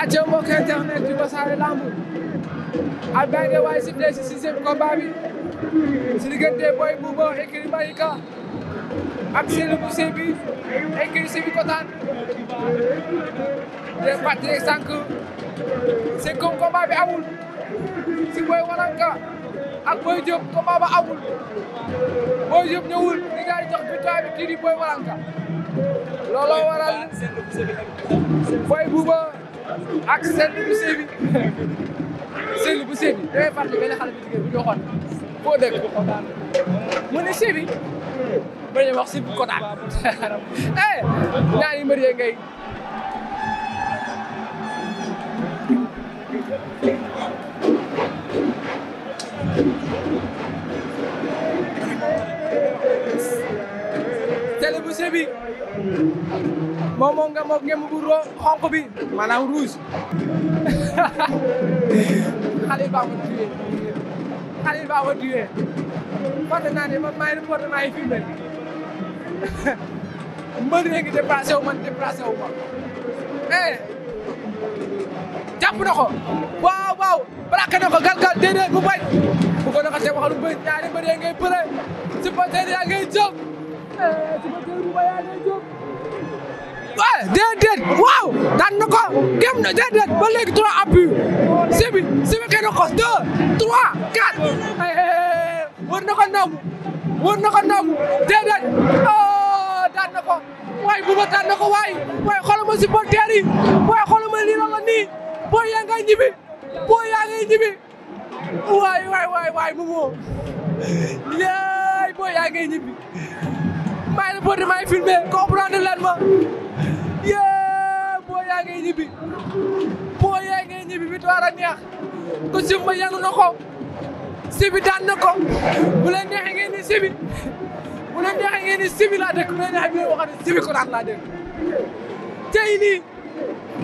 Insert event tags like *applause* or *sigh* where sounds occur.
acca mbokk internet di Wassare Lamb Alboury Ndeye waay si tey si sixième combat bi si diggante Boy Bouba écurie Malika ak Seydou bu Sébi écurie Sébi Kotaan de fàttali sànq cinquième combat bi amul si Walanka ak Boy Diop combat ba amul Boy Diop ñëwul di daal jox victoire bi kii di Boy Walanka looloo waral Boy Bouba ak seen bu sëy bi seen bu sëy bi day eh, fàttali benn xale bu jigéen bu ñu waxoon foo dëkk mu ne sëy bi mën nañu wax *laughs* eh, ñaari mbër yee ngay moom moom nga moom ngeen bu xonq bi maanaam rouge *laughs* xale ba ma tuye xale ba ma tuye porte naa ne man maa ngi porte maa ngi filmé *laughs* mbër yi ngi déplacé wu man déplacé wu ma eh jàpp na ko waaw waaw braqué na ko galgal déedéet mu bañ bu ko doxatee waxal lu bëri ñaari mbër yi ngay bëre si porte yaa waaw eh, déedéet waaw daan na ko dem na déedéet ba léegi trois appui sibi sibi xëy na ko deux trois quatre eh, eh, war na ko nangu war na ko nangu déedéet oh daan na ko waay bu ma daan na ko waay waay xoolama supporter yi waay xoolama lii la la nii boo yaa ngay ñibbi boo yaa ngay ñibbi waay waay waay waay mu moo yaay boo yaa ngay ñibbi maa ngi reporté maa ngi filmé comprendre leen ma yee boo yaa ngay ñibbi boo yaa ngay ñibbi bi war a neex ko sif ma yanu na ko sibi daan na ko bu leen ni sibi bu leen neexee ni sibi laa dëkk bu leen neexee bi leen waxoon ne laa dëkk tey nii